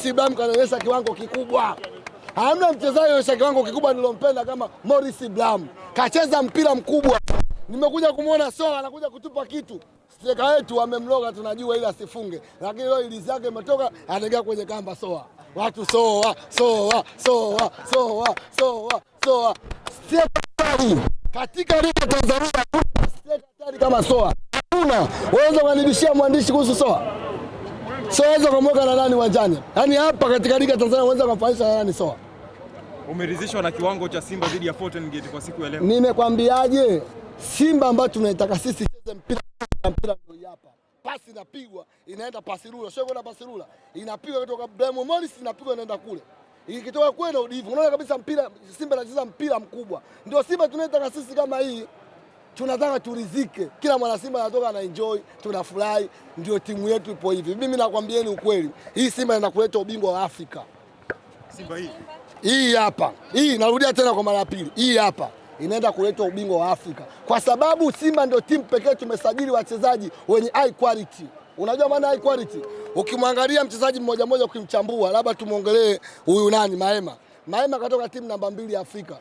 Morris Blanco kanaonyesha kiwango kikubwa. Hamna mchezaji anaonyesha kiwango kikubwa nilompenda kama Morris Blanco. Kacheza mpira mkubwa. Nimekuja kumwona Soa anakuja kutupa kitu. Steka wetu amemloga tunajua ila asifunge, lakini leo ilizi yake imetoka, anaingia kwenye kamba. Soa watu Soa Soa Soa Soa Soa Soa, steka tari katika ligi ya Tanzania, steka tani kama Soa hakuna. Waweza kunibishia mwandishi kuhusu Soa? Siweza kumweka nani uwanjani. Yaani hapa katika ligi ya Tanzania unaweza kumfanyisha nani soa. Umeridhishwa na kiwango cha Simba dhidi ya Fountain Gate kwa siku ya leo? Nimekwambiaje? Simba ambayo tunaitaka sisi cheze mpira na mpira ndio hapa. Pasi inapigwa, inaenda pasi rula. Sio kwenda pasi rula. Inapigwa kutoka Diamond Morris inapigwa inaenda kule. Ikitoka kwenda udivu. Unaona kabisa mpira Simba anacheza mpira mkubwa. Ndio Simba tunaitaka sisi kama hii tunataka turizike, kila mwana Simba anatoka enjoy, tunafurahi, ndio timu yetu ipo hivi. Mimi nakwambieni ukweli, hii Simba inakuleta ubingwa wa Afrika. Simba hii hii hapa hii, narudia tena kwa mara ya pili, hii hapa inaenda kuleta ubingwa wa Afrika kwa sababu Simba ndio timu pekee tumesajili wachezaji wenye high quality. Unajua maana high quality, ukimwangalia mchezaji mmoja mmoja, ukimchambua, labda tumwongelee huyu nani, Maema. Maema katoka timu namba mbili ya Afrika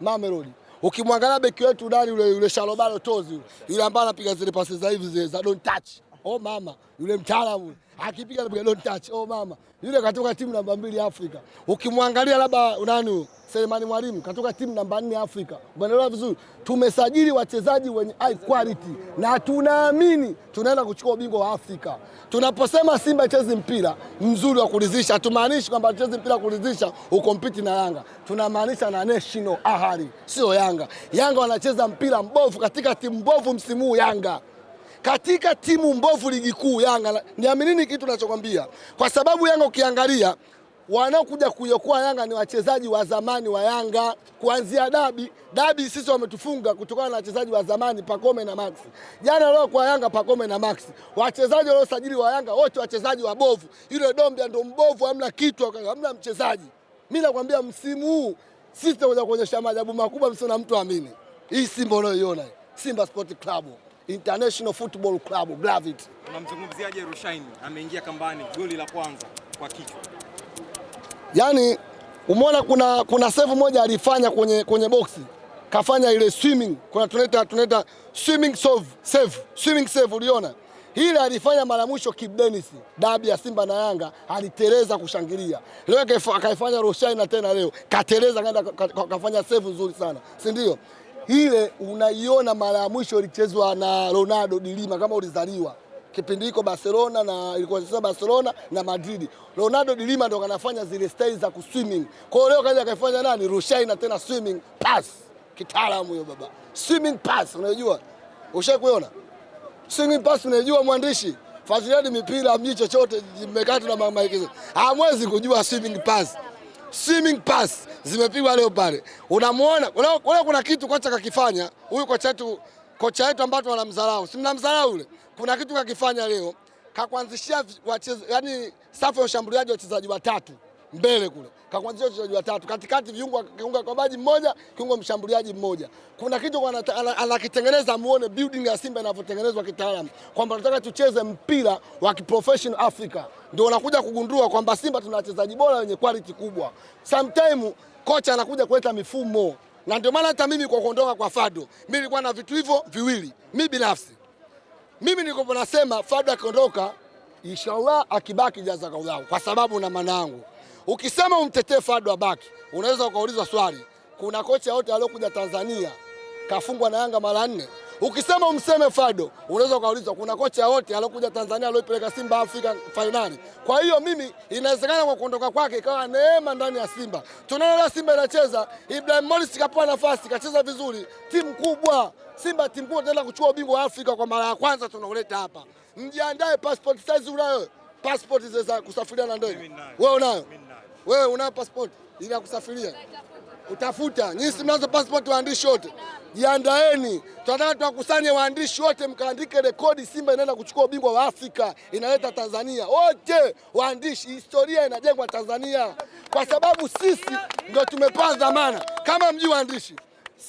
Mamelodi Ukimwangalia beki wetu ndani yule yule Shalobalo Tozi yule ambaye anapiga zile pasi za hivi za don't touch oh mama, yule mtaalamu akipiga labda don't touch, oh mama, yule katoka timu namba mbili Afrika. Ukimwangalia labda unani Selemani Mwalimu katoka timu namba nne Afrika, umeelewa vizuri. Tumesajili wachezaji wenye high quality na tunaamini tunaenda kuchukua ubingwa wa Afrika. Tunaposema Simba ichezi mpira mzuri wa kuridhisha, hatumaanishi kwamba ichezi mpira kuridhisha ukompiti na Yanga, tunamaanisha na national ahari, sio Yanga. Yanga wanacheza mpira mbovu katika timu mbovu msimu huu Yanga katika timu mbovu ligi kuu Yanga. Niaminini kitu nachokwambia, kwa sababu Yanga ukiangalia wanaokuja kuiokoa Yanga ni wachezaji wa zamani wa Yanga, kuanzia dabi dabi, sisi wametufunga kutokana na wachezaji wa zamani Pakome na Max. Jana leo kwa Yanga Pakome na Max, wachezaji waliosajili wa Yanga wote wachezaji wabovu. Yule Dombia ndo mbovu, hamna kitu, hamna mchezaji. Mimi nakwambia msimu huu sisi tutakuja kuonyesha maajabu makubwa, msio na mtu amini. Hii Simba unayoiona Simba Sport Club International Football Club Gravity. Unamzungumziaje Rushaini? Ameingia kambani goli la kwanza kwa kichwa. Yaani umeona kuna kuna save moja alifanya kwenye kwenye boksi. Kafanya ile swimming, kuna tunaita tunaita swimming save, save, swimming save uliona? Hili alifanya mara mwisho Kip Dennis, dabi ya Simba na Yanga, aliteleza kushangilia. Leo akaifanya Rushaini na tena leo. Kateleza kaenda kafanya save nzuri sana. Si ndio? ile unaiona mara ya mwisho ilichezwa na Ronaldo dilima, kama ulizaliwa kipindi iko Barcelona na ilikuwa sasa Barcelona na Madrid. Ronaldo de Lima ndo kanafanya zile style za kuswimming. Kwa hiyo leo kaja kaifanya nani? Rushai na tena swimming pass. Kitaalamu huyo baba. Swimming pass unajua? Ushakuiona? Swimming pass unajua mwandishi? Fuatilieni mipira mji chochote mmekata na mama yake. Hamwezi kujua swimming pass swimming pass zimepigwa leo pale. Unamuona leo, kuna kitu kocha kakifanya huyu kocha wetu, kocha wetu ambaye wanamdharau, si mnamdharau yule, kuna kitu kakifanya leo, kakuanzishia wachezaji, yani safu ya ushambuliaji wachezaji watatu mbele kule kakuanzishia wachezaji watatu katikati, viungo kiungo kwa baji mmoja, kiungo mshambuliaji mmoja. Kuna kitu anakitengeneza, muone building ya Simba inavyotengenezwa kitaalamu, kwamba tunataka tucheze mpira wa kiprofessional Africa ndio unakuja kugundua kwamba Simba tuna wachezaji bora wenye quality kubwa. Sometime kocha anakuja kuleta mifumo, na ndio maana hata mimi kwa kuondoka kwa Fado, mimi nilikuwa na vitu hivyo viwili. Mimi binafsi mimi nilikuwa nasema Fado akiondoka, inshallah akibaki jaza kaudhao, kwa sababu na maana yangu ukisema umtetee Fado abaki, unaweza ukaulizwa swali, kuna kocha yote aliyokuja Tanzania kafungwa na Yanga mara nne? Ukisema umseme Fado, unaweza ukaulizwa kuna kocha wote alokuja Tanzania aliyopeleka Simba Afrika fainali. Kwa hiyo mimi, inawezekana kwa kuondoka kwake ikawa neema ndani ya Simba. Tunaona Simba inacheza, Ibrahim Morris kapewa nafasi, kacheza vizuri, timu kubwa Simba timu kubwa tunaenda kuchukua ubingwa wa Afrika kwa mara ya kwanza, tunauleta hapa. Mjiandae, passport size unayo? Passport za kusafiria na ndege wewe unayo? Wewe unayo passport ila kusafiria? Utafuta nyinyi mnazo passport waandishi wote Yandaeni, tunataka tuwakusanye waandishi wote, mkaandike rekodi, Simba inaenda kuchukua ubingwa wa Afrika, inaleta Tanzania wote waandishi. Historia inajengwa Tanzania kwa sababu sisi ndio tumepewa dhamana. Kama mji waandishi,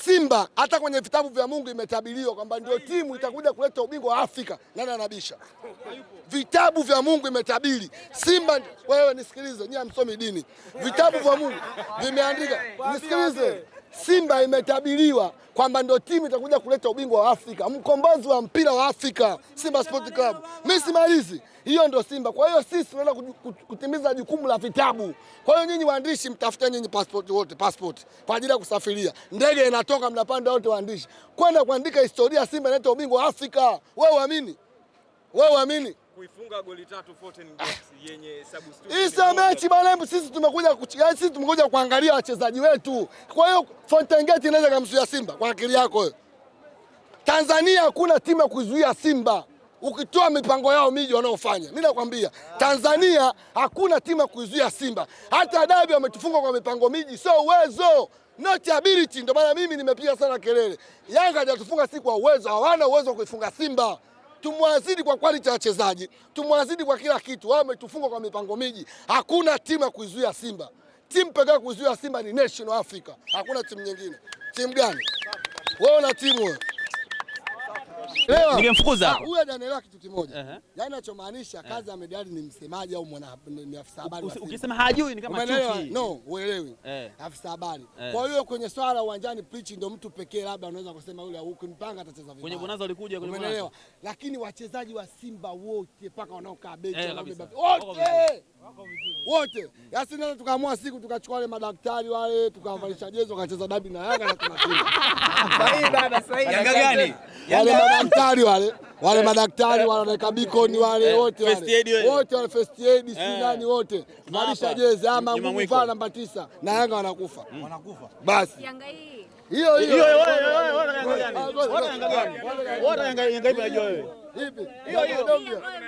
Simba hata kwenye vitabu vya Mungu imetabiriwa kwamba ndio timu itakuja kuleta ubingwa wa Afrika. Nani anabisha? Vitabu vya Mungu imetabiri Simba. Wewe nisikilize, nyie hamsomi dini. Vitabu vya Mungu vimeandika, nisikilize Simba imetabiriwa kwamba ndio timu itakuja kuleta ubingwa wa Afrika, mkombozi wa mpira wa Afrika, Simba Sport Club. Mimi simalizi hiyo, ndio Simba. Kwa hiyo sisi tunaenda kutimiza jukumu la vitabu. Kwa hiyo nyinyi waandishi, mtafute nyinyi passport wote, passport kwa ajili ya kusafiria. Ndege inatoka, mnapanda wote waandishi kwenda kuandika historia, Simba inaleta ubingwa wa Afrika. Wewe uamini? Wewe uamini? kuifunga goli tatu Fountain Gate yenye substitution. sio mechi bwana, sisi tumekuja yaani sisi tumekuja kuangalia wachezaji wetu. Kwa hiyo Fountain Gate inaweza kumzuia Simba kwa akili yako wewe. Tanzania hakuna timu ya kuzuia Simba. Ukitoa mipango yao miji wanaofanya, Mimi nakwambia Tanzania hakuna timu ya kuizuia Simba. Hata dabi wametufunga kwa mipango miji, sio uwezo, not ability. Ndio maana mimi nimepiga sana kelele, Yanga hajatufunga si kwa uwezo, hawana uwezo wa kuifunga Simba tumwazidi kwa quality ya wachezaji, tumwazidi kwa kila kitu. Wao wametufunga kwa mipango miji, hakuna timu ya kuizuia Simba. Timu pekee ya kuizuia Simba ni National Africa, hakuna timu nyingine. Timu gani? Wewe una timu wewe? Nilimfukuza ah, hapo. Huyu anaelewa kitu kimoja. Yaani anachomaanisha eh. kazi ya mediali ni msemaji au mwana ni afisa habari. Ukisema hajui ni kama chuki. No, uelewi. Eh. Afisa habari. Eh. Kwa hiyo kwenye swala uwanjani pitch ndio mtu pekee labda unaweza kusema yule huko mpanga atacheza vipi. Kwenye Bonanza alikuja kwenye Bonanza. Lakini wachezaji wa Simba wote paka wanaokaa benchi wote wote yasi, yaani naweza tukaamua siku tukachukua wale madaktari wale tukawavalisha jezo wakacheza dabi na Yanga na Yanga gani? Wale madaktari wale wale eh. madaktari wale wanaweka bikoni wale eh, wote wale wote wale first aid si eh. nani wote tunavalisha jezi ama ah, mvaa namba tisa na Yanga wanakufa hmm. wanakufa basi hiyo hiyo hiyo hiyo Hiyo hiyo.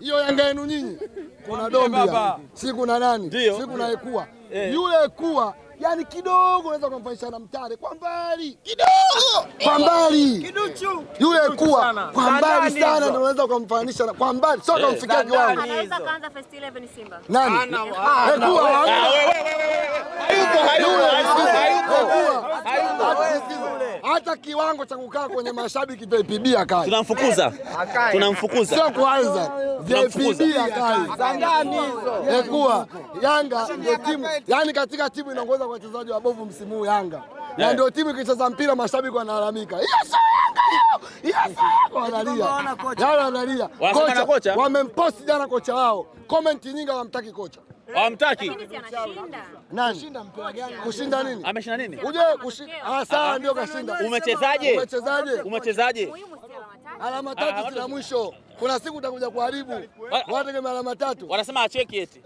hiyo Yanga yenu nyinyi, kuna dombia si kuna nani si kuna ekua eh. Yule ekua yani kidogo unaweza kumfanyisha na Mtare kwa mbali kidogo, kwa mbali kiduchu. Yule kuwa kwa mbali sana ndio unaweza kumfanyisha na kwa mbali, sio kumfikia eh, kiwango. Anaweza kaanza first 11 Simba nani? Ana, Wewe wewe wewe ana, hata kiwango cha kukaa kwenye mashabiki VPB akai. Tunamfukuza. Tunamfukuza. Sio kwanza. VPB akai. Ekuwa Yanga ndio timu. Yaani katika timu inaongoza kwa wachezaji wabovu msimu huu Yanga. Na ndio timu ikicheza mpira mashabiki wanalalamika. Hiyo sio Yanga hiyo. Hiyo sio Yanga. Wanalia. Wanalia. Kocha yaani wamemposti jana kocha wao. Comment nyingi hawamtaki kocha. Hamtaki. Nani? Kushinda nini? Ameshinda nini? Uje kushinda. Ah, sawa ah, ndio kashinda. Umechezaje? Umechezaje? Umechezaje? Alama tatu za ah, mwisho. Kuna siku utakuja kuharibu. kama ah. alama tatu. Wanasema acheki eti.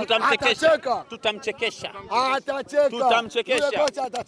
Tutamchekesha. Tutamchekesha. Atacheka. Tutamchekesha.